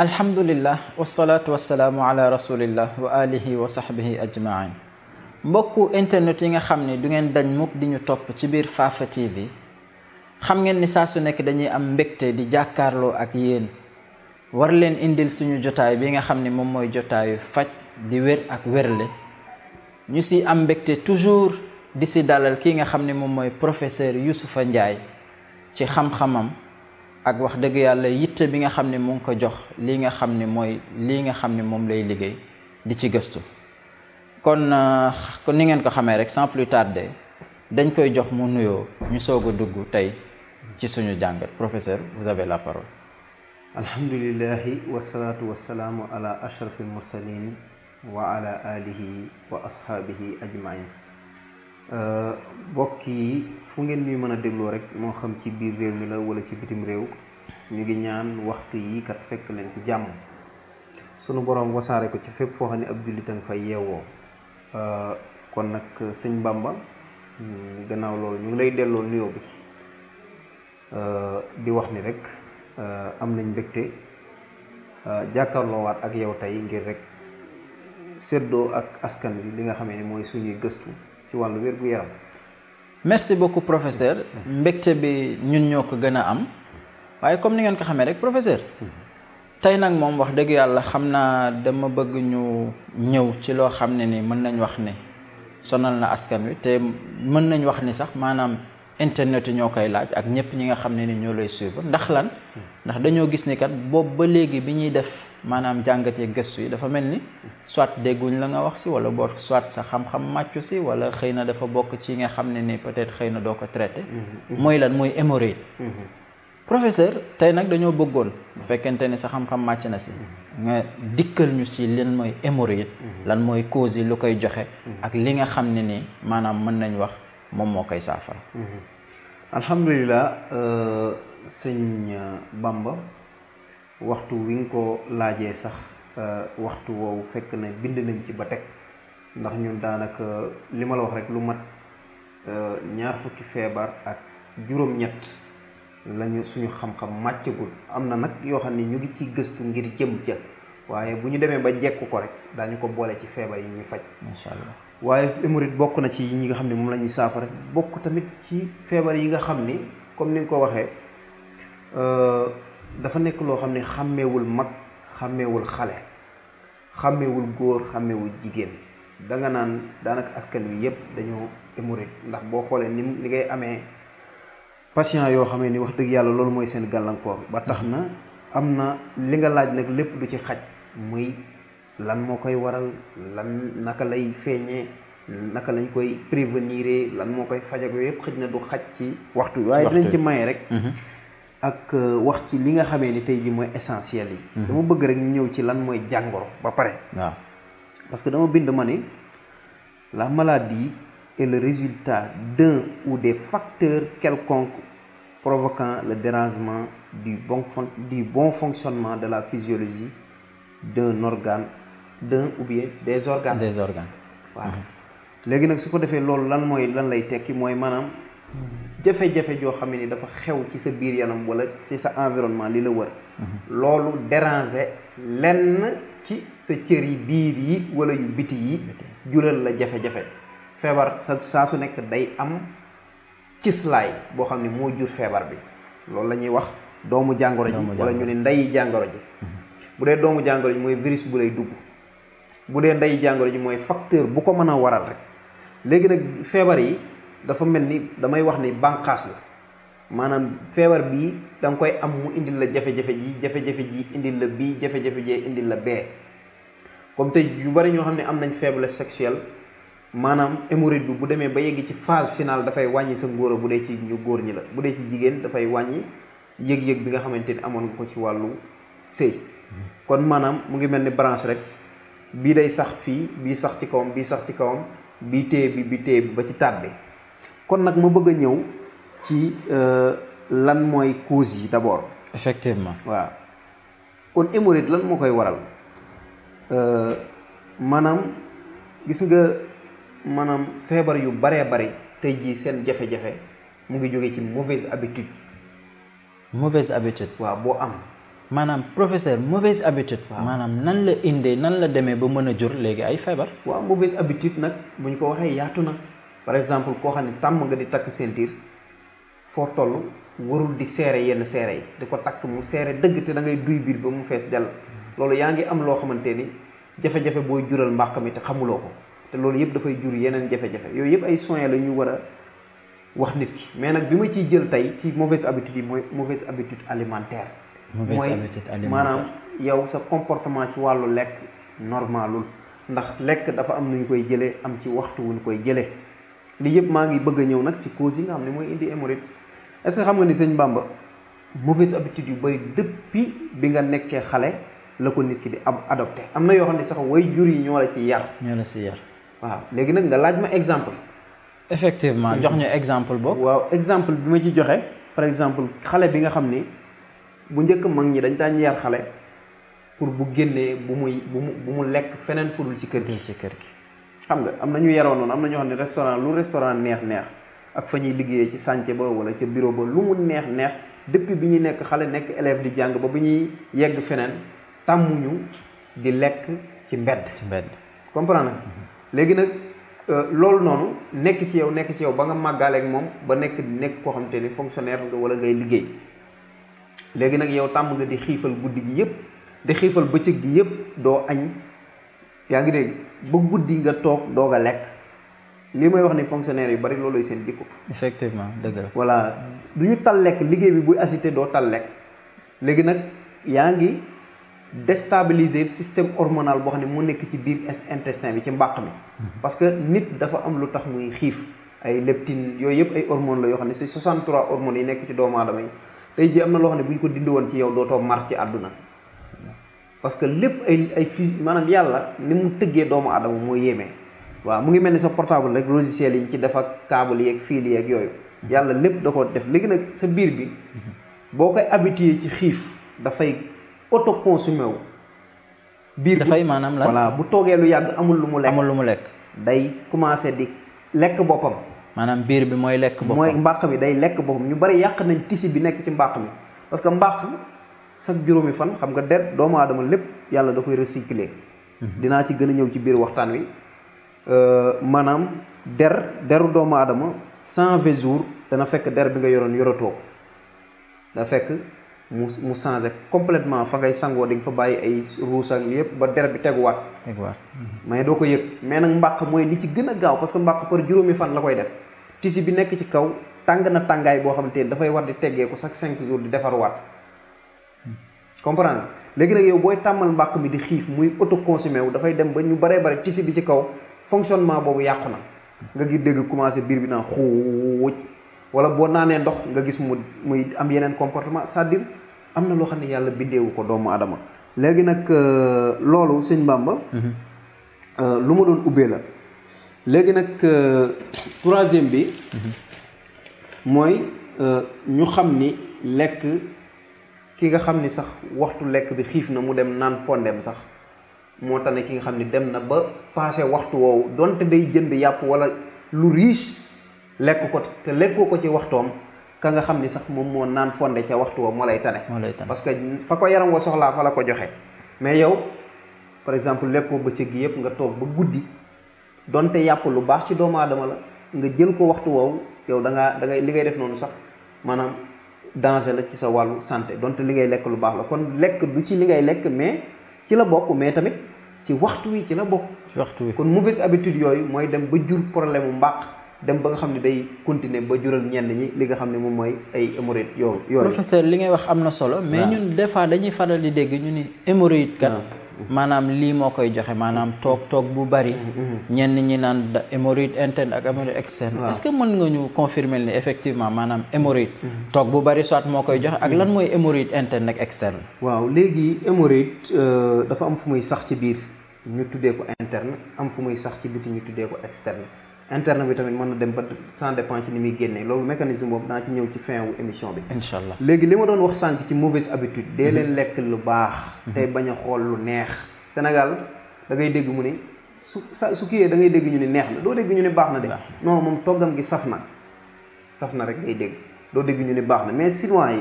alhamdulillah wasalaatu wasalaamu ala rasulillah wa alihi wa sahbihi ajmain mbokku internet yi nga xam ni du ngeen dañ mukk di ñu topp ci biir Fafa TV xam ngeen ni saa su nekk dañuy am mbégte di jàkkaarloo ak yéen war leen indil suñu jotaay bi nga xam ni moom mooy jotaayu faj di wér ak wérle ñu si am mbégte toujours di si dalal kii nga xam ni moom mooy professeur Youssoufa Ndiaye ci xam-xamam ak wax dëgg yàlla yitte bi nga xam ne mu ngi ko jox lii nga xam ne mooy lii nga xam ne moom lay liggéey di ci gëstu kon euh, kon ni ngeen ko xamee rek sans plus tarder dañ koy jox mu nuyoo ñu soog a dugg tey ci suñu jàngat professeur vous avez la parole alhamdulilahi wasalaatu wasalaamu ala ashraf almursalin wa ala wa ashaabihi ajmain Euh, bokk yi fu ngeen ñuy mën a dégloo rek moo xam ci biir réew mi la walla ci bitim réew ñu ngi ñaan waxtu yii kat fekk leen ci jàmm sunu borom wasaare ko ci fépp foo xam ne ab jullit a nga fay yeewoo euh, kon nag sëñ Bamba mm, gannaaw loolu ñu ngi lay delloo nuyoo bi euh, di wax ni rek am nañ mbégte jàkkarloowaat ak yow tey ngir rek séddoo ak askan bi li nga xame ni mooy suñuy gëstu ci wàllu wér gu merci beaucoup professeur. mbégte bi ñun ñoo ko gën a am. waaye comme ni ngeen ko xamee rek professeur. tey nag moom wax dëgg yàlla xam naa dama bëgg ñu ñëw ci loo xam ne ni mën nañ wax ne sonal na askan wi te mën nañ wax ni sax maanaam internet yi ñoo koy laaj ak ñëpp ñi nga xam ne ni ñoo lay suivre ndax lan ndax dañoo gis ni kat boobu ba léegi bi ñuy def maanaam jàngatee gëstu yi dafa mel ni soit dégguñ la nga wax si wala boo soit sa xam-xam màccu si wala xëy na dafa bokk ci nga xam ne ni peut-être xëy na doo ko traité. Mm-hmm. mooy lan mooy hémorroïde. Mm-hmm. professeur tey nag dañoo bëggoon bu fekkente ni sa xam-xam màcc na si mm-hmm. nga dikkal ñu si lan mooy hémorroïde. lan mooy cause yi lu koy joxe. ak li nga xam ne nii maanaam mën nañ wax. moom moo koy saafara. Mm-hmm. alhamdulilah euh, sëñ Bamba waxtu wi nga ko laajee sax euh, waxtu woowu fekk na bind nañ ci ba teg ndax ñun daanaka li ma la wax rek lu mat euh, ñaar fukki feebar ak juróom-ñett lañu suñu xam-xam màccagul am na nag yoo xam ne ñu ngi ciy gëstu ngir jëm ca waaye bu ñu demee ba jekk ko rek daañu ko boole ci feebar yi ñuy faj. macha allah. waaye hémorroïde bokk na ci ñi nga xam ne moom la ñuy saafara bokk tamit ci feebar yi nga xam ni comme ni nga ko waxee euh, dafa nekk loo xam ne xàmmeewul mag xàmmeewul xale xàmmewul góor xàmmeewul jigéen danga naan daanaka askan wi yépp dañoo hémorroïde ndax boo xoolee ni li ngay amee patient yoo xamee ni wax dëgg yàlla loolu mooy seen gàllankoor ba tax na am na li nga laaj nag lépp du ci xaj muy lan moo koy waral lan naka lay feeñee naka lañ koy prévenir lan moo koy faj ak yooyu na du xaj ci waxtu waaye dinañ ci maye rek mhm. ak euh, wax ci li nga xamee ni tey ji mooy essentiel yi mhm. dama bëgg rek ñu ñëw ci lan mooy jàngoro ba pare waaw parce que dama bind ma ni la maladie est le résultat d'un ou des facteur quelconques provoquant le dérangement du bon du bon fonctionnement de la physiologie d'un organe d'un oubien bien des organes. des organes. waaw léegi nag su ko defee loolu lan mooy lan lay tekki mooy maanaam jafe-jafe joo xam ne ni dafa xew ci sa biir yanam wala ci sa environnement li la wër. Mhm. loolu déranger lenn ci sa cër yi biir yi wala yu biti yi. jural la jafe-jafe. feebar sa saa su nekk day am cislaay boo xam ne moo jur feebar bi loolu la ñuy wax doomu jàngoro ji wala ñu ne ndeyi jàngoro ji mhm. bu dee doomu jàngoro ji mooy virus bu lay dugg. bu dee ndey jàngoro ji mooy facteur bu ko mën a waral rek léegi nag feebar yi dafa mel ni damay wax ni bànqaas la maanaam feebar bii danga koy am mu indil la jafe-jafe ji jafe-jafe ji indil la bii jafe-jafe jee indil la bee comme tey yu bari ñoo xam ne am nañ faiblesse sexuelle maanaam hémorroïde bu demee ba yegg ci phase finale dafay wàññi sa ngóora bu dee ci ñu góor ñi la bu dee ci jigéen dafay wàññi yëg-yëg bi nga xamante ni amoon nga ko ci wàllu sëy mm-hmm. kon maanaam mu ngi mel ni branche rek bii day sax fii bii sax ci kawam bii sax ci kawam bii téye bi bi téye bi ba ci taat bi kon nag ma bëgg a ñëw ci euh, lan mooy cause yi d'abord. effectivement waaw kon hémorroïde lan moo koy waral euh, maanaam gis nga maanaam feebar yu baree bari tey jii seen jafe-jafe mu ngi jóge ci mauvaise habitude. mauvaise habitude. waaw boo am. maanaam professeur mauvaise habitude. maanaam nan la indee nan la demee ba mën a jur léegi ay feebar. waaw mauvaise habitude nag bu ñu ko waxee yaatu na par exemple koo xam ne tàmm nga di takk ceinture foo toll warul di seere yenn seere yi di ko takk mu seere dëgg te da ngay duy biir ba mu fees dell loolu yaa ngi am loo xamante ni jafe-jafe booy jural mbàq mi te xamuloo ko te loolu yëpp dafay jur yeneen jafe-jafe yooyu yëpp ay soins la ñu war a wax nit ki mais nag bi ma ciy jël tey ci mauvaise habitude yi mooy mauvaise habitude alimentaire. mooy maanaam yow sa comportement ci wàllu lekk normalul ndax lekk dafa am ñu koy jëlee am ci waxtu wuñ koy jëlee li yëpp maa ngi bëgg ñëw nag ci cause yi nga xam ne mooy indi hémorroïde est-ce xam nga ni sëñ Bamba mauvaise habitude yu bari depuis bi nga nekkee xale la ko nit ki di am adopté am na yoo xam ne sax way jur yi ñoo la ci yar. ñoo la ci yar. waaw léegi nag nga laaj ma exemple. effectivement jox ñu exemple boobu. waaw exemple bi ma ci joxe par exemple xale bi nga xam ni. bu njëkk mag ñi dañ daan yar xale pour bu génnee bu muy bu mu bu mu lekk feneen fudul ci kër gi. ci kër gi xam nga am na ñu yaroon noonu am na ñoo xam ne restaurant lu restaurant neex neex ak fa ñuy liggéeyee ci chantier ba wala ci bureau ba lu mu neex neex depuis bi ñuy nekk xale nekk élève di jàng ba bi ñuy yegg feneen tàmmuñu di lekk ci mbedd. ci mbedd comprendre mm-hmm. léegi nag euh, loolu noonu nekk ci yow nekk ci yow ba nga màggaaleeg moom ba nekk nekk ko xam te ni fonctionnaire nga wala ngay liggéey. léegi nag yow tàmm nga di xiifal guddi gi yëpp di xiifal bëccëg gi yëpp doo añ yaa ngi dégg ba guddi nga toog doog lekk li may wax ni fonctionnaire yu bari loolooy seen jikko. effectivement dëgg la. voilà du ñu tal lekk liggéey bi buy assisté doo tal lekk léegi nag yaa ngi déstabiliser système hormonal boo xam ne mu nekk ci biir intestin bi ci mbàq mi. Mhm. parce que nit dafa am lu tax muy xiif ay leptine yooyu yëpp ay hormones la yoo xam ne si 63 hormones yi nekk ci doomu aadama tey ji am na loo xam ne bu ñu ko dindi woon ci yaw dootoo mar ci àdduna parce que lépp ay ay fi maanaam yàlla ni mu tëggee doomu aadama moo yéeme waaw mu ngi mel ni sa portable rek logiciel yi ci def ak câble yeeg fil yeeg yooyu yàlla lépp da ko def léegi nag sa biir bi boo koy habitué ci xiif dafay auto consumé wu biir dafay maanaam la voilà bu toogee lu yàgg amul lu mu lekk lu mu lekk day commencé di lekk boppam maanaam biir bi mooy lekk boppam mooy mbàq mi day lekk boppam ñu bari yàq nañ tisi bi nekk ci mbàq mi parce que mbàq sax juróomi fan xam nga der doomu aadama lépp yàlla da koy recycler mhm. dinaa ci gën a ñëw ci biir waxtaan wi euh, maanaam der deru doomu aadama cent vingt jours dana fekk der bi nga yoroon yoratoo da fekk mu mu changé complètement fa ngay sangoo di fa bàyyi ay ruus ak yëpp ba der bi teguwaat. teguwaat mais doo ko yëg mais nag mbàq mooy li ci gën a gaaw parce que mbàq par juróomi fan la koy def tisi bi nekk ci kaw tàng na tàngaay boo xamante ni dafay war di teggee ko chaque cinq jours di waat comprendre léegi nag yow booy tàmmal mbaq mi di xiif muy autoconsommer wu dafay dem ba ñu baree bare tisi bi ci kaw fonctionnement boobu yàqu na nga gis dégg commencé biir bi naan xuuj wala boo naanee ndox nga gis mu muy am yeneen comportement cest am na loo xam ne yàlla bindeewu ko doomu adama léegi nag euh, loolu sëñ Bamba mhm. euh, lu ma doon ubbee la léegi nag euh, troisième bi mhm. mooy ñu xam ni lekk ki nga xam ni sax waxtu lekk bi xiif na mu dem naan fondeem sax moo tax ne ki nga xam ni dem na ba passé waxtu woowu donte day jënd yàpp walla lu riche lekk ko te lekkoo ko ci waxtoom ka nga xam ni sax moom moo naan fonde ca waxtu wa moo lay tane parce que fa ko yaram wa soxlaa fa la ko joxe mais yow par exemple lekkoo bëccëg gi yëpp nga toog ba guddi donte yàpp lu baax ci doomu aadama la nga jël ko waxtu woowu yow da ngaa da li ngay def noonu sax maanaam danger la ci sa wàllu santé donte li ngay lekk lu baax la kon lekk du ci li ngay lekk mais ci la bokk mais tamit ci waxtu wi ci la bokk. waxtu wi kon mauvaise habitude yooyu mooy dem ba ju problème mu mbaq dem ba nga xam ne day continuer ba jural ñenn ñi li nga xam ne moom mooy ay hémorroïdes yoo li ngay wax am na solo. mais ñun des fois dañuy faral di dégg ñu ni hémorroïde kat. maanaam lii moo koy joxe maanaam toog toog bu bari. Mm-hmm, mm-hmm. ñenn ñi naan da hémorroïde interne ak hémorroïde externe. mën nga ñu confirmer ni effectivement maanaam hémorroïde. Mm-hmm. toog bu bari soit moo koy joxe ak lan mooy hémorroïde interne ak externe. waaw léegi hémorroïde euh, dafa am fu muy sax ci biir ñu tuddee ko interne am fu muy sax ci biti ñu tuddee ko externe. interne bi tamit mën na dem ba sans dépend ci ni muy génnee loolu mécanisme boobu daa ci ñëw ci fin wu émission bi. incha allah léegi li ma doon wax sànq ci mauvaise habitude. de leen mhm. lekk lu baax. Mhm. tey bañ a xool lu neex. Sénégal dangay ngay dégg mu ni su sa su kiyee da ngay dégg ñu ni neex na doo dégg ñu ni baax na de. non moom toggam gi saf na saf na rek ngay dégg doo dégg ñu ni baax na mais chinois yi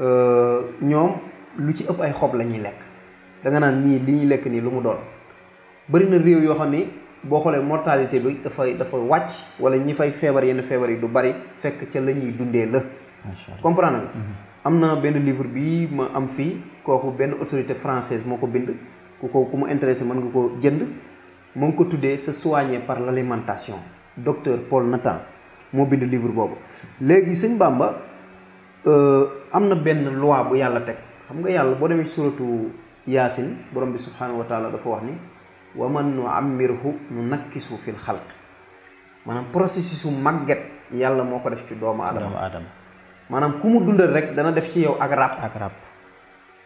euh, ñoom lu ci ëpp ay xob la ñuy lekk danga naan ñii li ñuy lekk nii lu mu doon na réew yoo ni. boo xoolee mortalité bi dafay dafa wàcc wala ñi fay feebar yenn feebar yi du bari fekk ca la ñuy dundee la comprendre nga mhm. am na benn livre bi ma am fii kooku benn autorité française moo ko bind ku ko ku mu intéressé mën nga ko jënd mu ngi ko tuddee sa soigner par l'alimentation docteur Paul Nathan moo bind livre boobu léegi sëñ Bamba euh, am na benn loi bu yàlla teg xam nga yàlla boo demee suratu yaasin borom bi subhanahu wa taala dafa wax ni wa man nu ammirhu nu nakkisu fil xalq maanaam processus su màgget yàlla moo ko def ci doomu aadama maanaam ku mu dundal rek dana def ci yow ak ràpp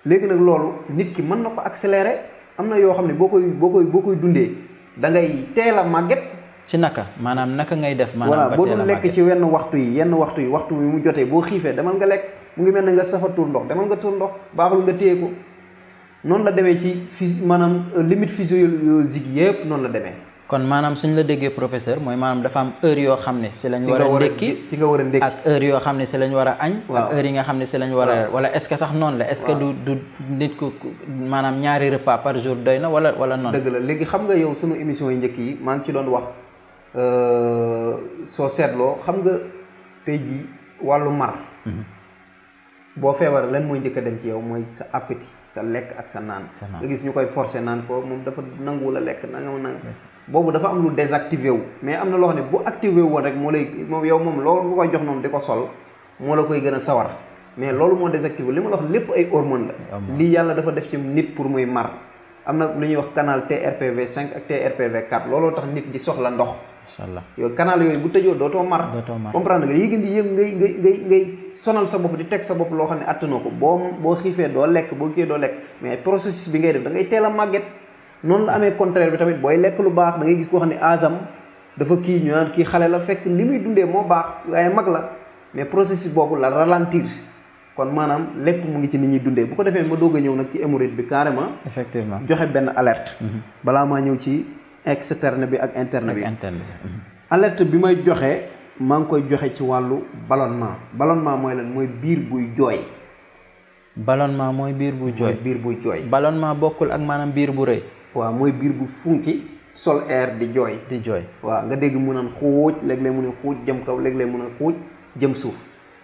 léegi nag loolu nit ki mën na ko accélérer am na yoo xam ne boo koy boo koy boo koy dundee da ngay teel a màgget ci naka maanaam naka ngay def maanaam voilà boo dul lekk ci wenn waxtu yi yenn waxtu yi waxtu wi mu jotee boo xiifee demal nga lekk mu ngi mel ne nga safa tuur ndox demal nga tuur ndox baaxul nga téye noonu la demee ci phys maanaam euh, limite physiologique yëpp noonu la demee. kon maanaam suñ la déggee professeur mooy maanaam dafa am heure yoo xam ne si lañ war a ndékki ci nga war a ndékki ak heure yoo xam ne si lañ war a añ ak heure yi nga xam ne si lañ war a wala est ce que sax noonu la est ce que du du nit ku maanaam ñaari repas par jour doy na wala wala noonu dëgg la léegi xam nga yow sunu émission yi njëkk yi maa ngi ci doon wax euh, soo seetloo xam nga tey ji wàllu mar mhm. boo feebaree lan mooy njëkk dem ci yow mooy sa appétit sa lekk ak sa naan nga gis ñu koy forcé naan ko moom dafa nangu la lekk nangam nang boobu dafa am lu désactivé wu mais am na loo xam ne bu activé wu rek moo lay moom yow moom loolu nga jox noonu di ko sol moo la koy gën a sawar mais loolu moo désactivé li ma la lépp ay hormone la lii yàlla dafa def ci nit pour muy mar am na lu ñuy wax canal TRPV cinq ak TRPV 4 looloo tax nit di soxla ndox incha allah yooyu canal yooyu bu tëjoo dootoo mar. dootoo mar nga di yëg ngay ngay ngay ngay sonal sa bopp di teg sa bopp loo xam ne noo ko boo boo xiifee doo lekk boo kiiyee doo lekk mais processus bi ngay def da ngay teel a màgget noonu la amee contraire bi tamit booy lekk lu baax da ngay gis koo xam ne asam dafa kii ñu naan kii xale la fekk ni muy dundee moo baax waaye mag la mais processus boobu la ralentir. kon maanaam lépp mu ngi ci ni ñuy dundee bu ko defee ma doog a ñëw nag ci hémorroïde bi carrément. effectivement joxe benn alerte. Mhm. balaa maa ñëw ci externe bi ak interne bi mhm. alerte bi may joxe maa ngi koy joxe ci wàllu ballonnement ballonnement mooy lan mooy biir buy jooy ballonnement mooy biir buy jooy biir buy jooy ballonnement bokkul ak maanaam biir bu rëy waaw mooy biir bu funki sol air di jooy di jooy waaw nga dégg mu naan xuuj léeg-léeg mu ne xuuj jëm kaw léeg-léeg mu ne xuuj jëm suuf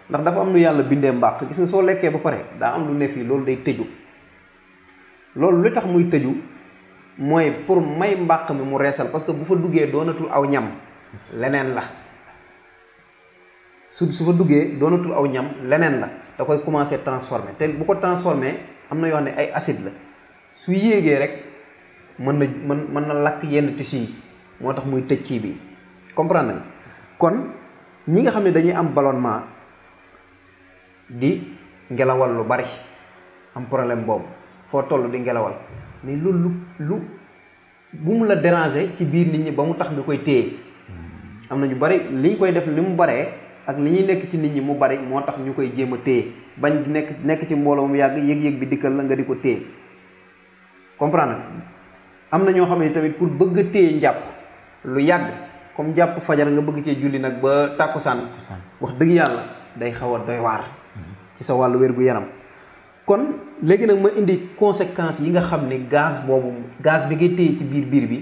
ndax dafa am nu yàlla bindee mbaax gis nga soo lekkee ba pare daa am lu ne fii loolu day tëju loolu li tax muy tëju mooy pour may mbàq mi mu reesal parce que bu fa duggee doonatul aw ñam leneen la su su fa duggee doonatul aw ñam leneen la da koy commencé transformer te bu ko transformer am na yoo ne ay acide la su yéegee rek mën na mën mën na lakk yenn tissu yi moo tax muy tëj kii bi comprendre kon ñi nga xam ne dañuy am ballonnement di ngelawal lu bari am problème boobu foo tollu di ngelawal mais lu lu lu bu mu la déranger ci biir nit ñi ba mu tax nga koy téye hmm. am na ñu bari liñ koy def li mu baree ak li ñuy nekk ci nit ñi mu bari moo tax ñu koy jéem a téye bañ di nekk nekk ci mbooloo mu yàgg yëg-yëg bi dikkal la nga di ko téye comprendre am na ñoo xam ne tamit pour bëgg a téye njàpp lu yàgg comme jàpp fajar nga bëgg cee julli nag ba tàkkusaan wax dëgg yàlla day xaw a doy waar hmm. ci sa wàllu wér gu yaram kon léegi nag ma indi conséquences yi nga xam ne gaz boobu gaz bi ngay téye ci biir biir bi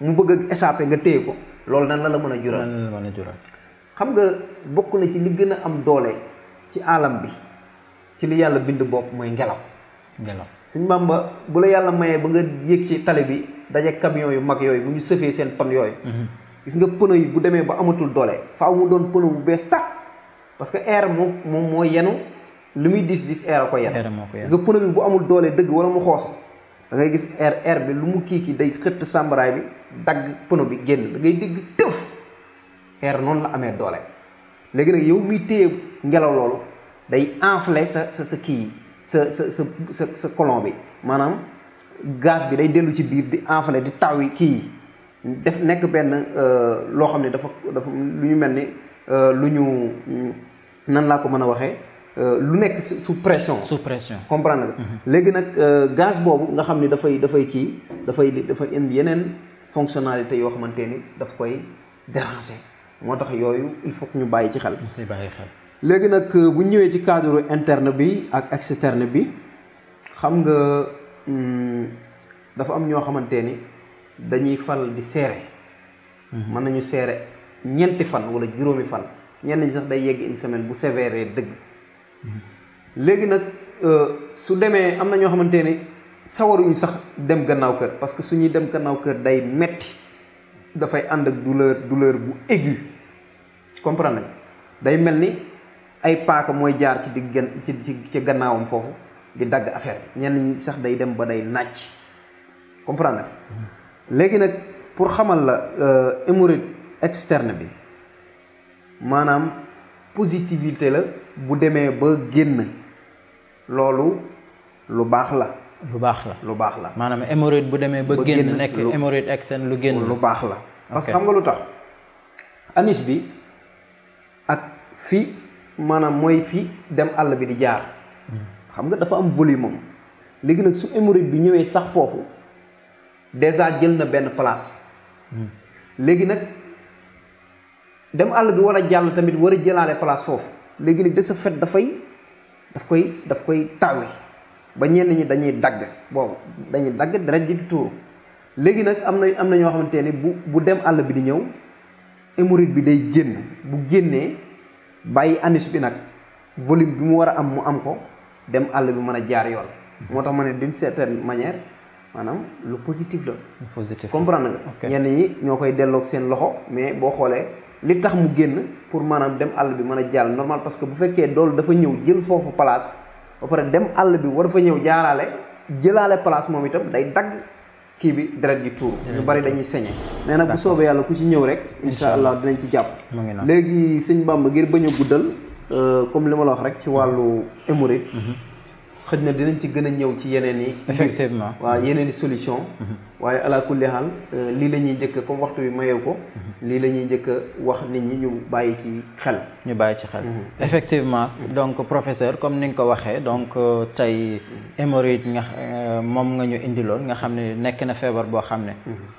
mu bëgg a nga téye ko loolu nan la la mën a jural mën a xam nga bokk na ci li gën a am doole ci alam bi ci li yàlla bind bokk mooy ngelaw ngelaw suñ Bàmba bu la yàlla mayee ba nga yéeg ci tali bi daje camion yu mag yooyu mu ñu sëfee seen pon yooyu mhm. gis nga pneu yi bu demee ba amatul doole faaw mu doon pneu bu bees tàq parce que air moom moom moo yenu li muy diis dis air a ko yen parce que pneu bi bu amul doole dëgg wala mu xoos da ngay gis air air bi lu mu kii kii day xëtt sàmbaraay bi dagg pneu bi génn da ngay dégg tëf air noonu la amee doole léegi nag yow muy téye ngelaw loolu day enfler sa sa sa kii sa sa sa sa sa colon bi maanaam gaz bi day dellu ci biir di enfler di taw yi kii def nekk benn euh, loo xam ne dafa dafa lu ñu mel ni euh, lu ñu hmm, nan laa ko mën a waxee Euh, lu nekk sous pression. sous pression comprendre nga. Mhm. léegi nag euh, gaz boobu nga xam ni dafay dafay kii dafay dafay indi yeneen fonctionnalité yoo xamante ni daf koy déranger moo tax yooyu il faut ñu bàyyi ci xel. bàyyi xel léegi nag euh, bu ñëwee ci cadre interne bi ak externe bi xam nga hmm, dafa am ñoo xamante ni dañuy fal di seere. Mhm. mën nañu seere ñeenti fan wala juróomi fan ñenn ñi sax day yegg une semaine bu sévère dëgg. léegi nag euh, su demee am na ñoo xamante ne sawaruñu sax dem gannaaw kër parce que suñuy dem gannaaw kër day metti dafay ànd ak douleur douleur bu aiguë comprendre day mel ni ay paaka mooy jaar ci digg ci ci gannaawam foofu di dagg affaire ñenn ñi sax day dem ba day nàcc comprendre mm-hmm. léegi nag pour xamal la euh, hémorroïde externe bi maanaam positivité la bu demee ba génn loolu lu baax la. lu baax la lu baax la. maanaam hémorroïde bu demee ba. génn nekk hémorroïde externe lu génn. lu baax la parce que xam nga lu tax. anus bi ak fii maanaam mooy fii dem àll bi di jaar. xam nga dafa am volume léegi nag su hémorroïde bi ñëwee sax foofu déjà jël na benn place. Hmm. léegi nag. dem àll bi war a jàll tamit war a jëlaale place foofu léegi nag de sa fet dafay daf koy daf koy tawee ba ñenn ñi dañuy dagg boobu dañuy dagg deret ji di tuuru léegi nag am na am na ñoo xamante ne bu bu dem àll bi di ñëw hémorroïde bi day génn bu génnee bàyyi anus bi nag volume bi mu war a am mu am ko dem àll bi mën a jaar yoon. moo tax ma ne d'une certaine manière maanaam lu positif la. lu positif comprendre nga. ñenn ñi ñoo koy delloog seen loxo mais boo xoolee. li tax mu génn pour maanaam dem àll bi mën a jàll normal parce que bu fekkee doolu dafa ñëw jël foofu place ba pare dem àll bi war fa ñëw jaaraale jëlaale place moom itam day dagg kii bi deret gi tuur ñu bari dañuy sañe nee na bu soobee yàlla ku ci ñëw rek incha allah dinañ ci jàpp léegi sëñ Bamba ngir bañ a guddal euh, comme li ma la wax rek ci wàllu hémorroïde mm-hmm. xëj na dinañ ci gën a ñëw ci yeneen yi. effectivement waaw yeneen i solution mhm. waaye ala kulli haal euh, lii la ñuy njëkk comme waxtu bi mayew ko. Mhm. lii la ñuy njëkk wax nit ñi ñu bàyyi ci xel. ñu bàyyi ci xel mhm. effectivement donc professeur comme ni nga ko waxee donc euh, tey hémorroïde nga euh, moom nga ñu indiloon nga xam ne nekk na feebar boo xam ne.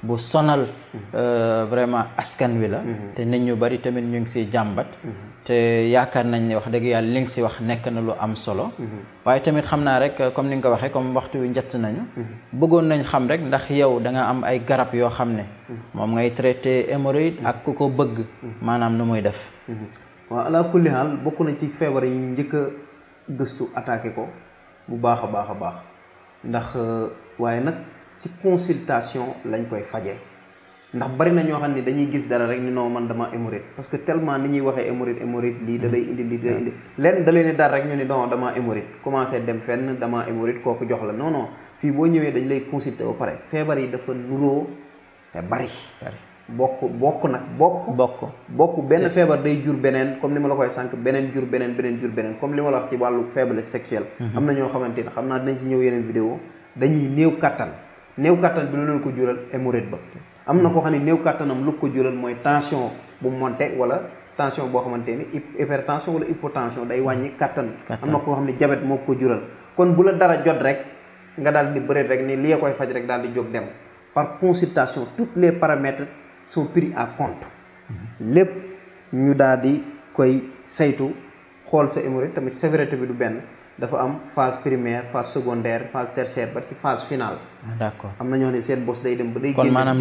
bu sonal vraiment askan wi la. te nit ñu bari tamit ñu ngi siy jàmbat. te yaakaar nañ ne wax dëgg yàlla li ngi si wax nekk na lu am solo. waaye tamit xam naa rek comme ni nga ko waxee comme waxtu wi njëtt nañu. Mm-hmm. bëggoon nañ xam rek ndax yow danga am ay garab yoo xam ne. Mm-hmm. moom ngay traité hémorroïde ak ku ko bëgg. Mm-hmm. maanaam nu muy def. waaw ala kulli haal bokk na ci feebar yi njëkk a gëstu attaqué ko bu baax a baax a baax ndax euh, waaye nag ci consultation lañ koy faje ndax bari na ñoo xam ne dañuy gis dara rek ni non man dama hémorroïde parce que tellement ni ñuy waxee hémorroïde hémorroïde lii da lay indi lii da lay indi lenn da leen dara rek ñu ni non dama dama hémorroïde jox la non fii boo ñëwee dañ lay consulter ba pare feebar yi dafa nuroo te bari bokk bokk nag bokk bokk bokk benn feebar day jur beneen comme ni ma la koy sànq beneen jur beneen beneen jur beneen comme li ma la wax ci wàllu faiblesse sexuelle mhm. am na ñoo xamante ne xam naa dinañ ci ñëw yeneen vidéo dañuy néew kattan new kattan bi lu leen ko jural hémorroïde ba am na koo xam ne néew kàttanam lu ko jural mooy tension bu monté wala tension boo xamante ni hypertension wala hypotension day wàññi kàttan am na koo xam ne diabète moo ko jural kon bu la dara jot rek nga daal di bëreet rek ni li koy faj rek daal di jóg dem par consultation tous les paramètres sont pris à compte mm-hmm. lépp ñu daal di koy saytu xool sa hémorroïde tamit sévérité bi du benn dafa am phase primaire phase secondaire phase tertiaire ba ci phase finale. Ah, d'accord am na ñoo xam ne seen bos day dem ba day. génn kon maanaam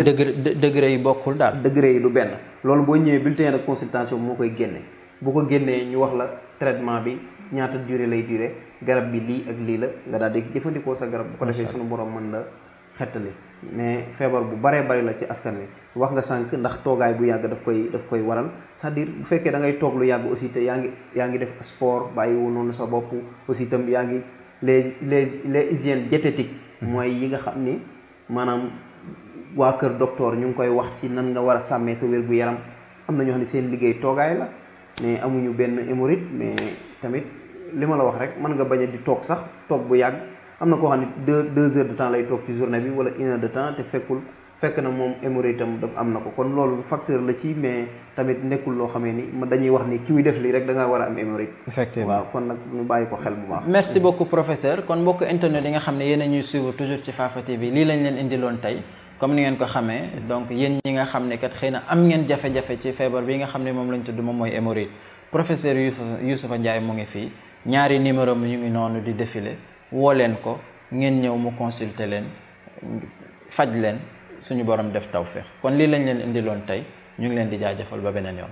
degré yi bokkul daal. degré yi du benn loolu boo ñëwee bulletin de consultation moo koy génne bu ko génnee ñu wax la traitement bi ñaata durée lay durée garab bi lii ak lii la nga daal di jëfandikoo sa garab. bu ko defee sunu borom mën la xettali. mais feebar bu baree bari la ci askan wi wax nga sànq ndax toogaay bu yàgg daf koy daf koy waral c'est-à-dire bu fekkee da ngay toog lu yàgg aussi te yaa ngi yaa ngi def sport bàyyi wu noonu sa bopp aussi itam yaa ngi les les les hygiènes diététiques mooy yi nga xam ni maanaam waa kër docteur ñu ngi koy wax ci nan nga war a sàmmee sa wér gu yaram am na ñoo xam ne seen liggéey toogaay la mais amuñu benn hémorroïde mais tamit li ma la wax rek mën nga bañ a di toog sax toog bu yàgg. am na ko xam ne deux deux heures de temps lay toog ci journée bi wala une heure de temps te fekkul fekk na moom hémorroïde itam am na ko kon loolu facteur la ci mais tamit nekkul loo xamee ni ma dañuy wax ni ki muy def lii rek da war a am kon nag ñu bàyyi ko xel bu baax. merci beaucoup professeur kon mbokk internet nga xam ne yéen a ñuy suivre toujours ci Fafa leen indiloon tey. comme ni ngeen ko xamee donc yéen ñi nga xam ne kat xëy na am ngeen jafe-jafe ci feebar bi nga xam ne moom lañu tudd moom mooy hémorroïde professeur Youssoupha Youssoupha Ndiaye mu ngi fii ñaari numéro mi ñu ngi noonu di défilé woo leen ko ngeen ñëw mu consulter leen faj leen suñu borom def tawféex kon lii lañ leen indiloon tey ñu ngi leen di jaajëfal ba beneen yoon.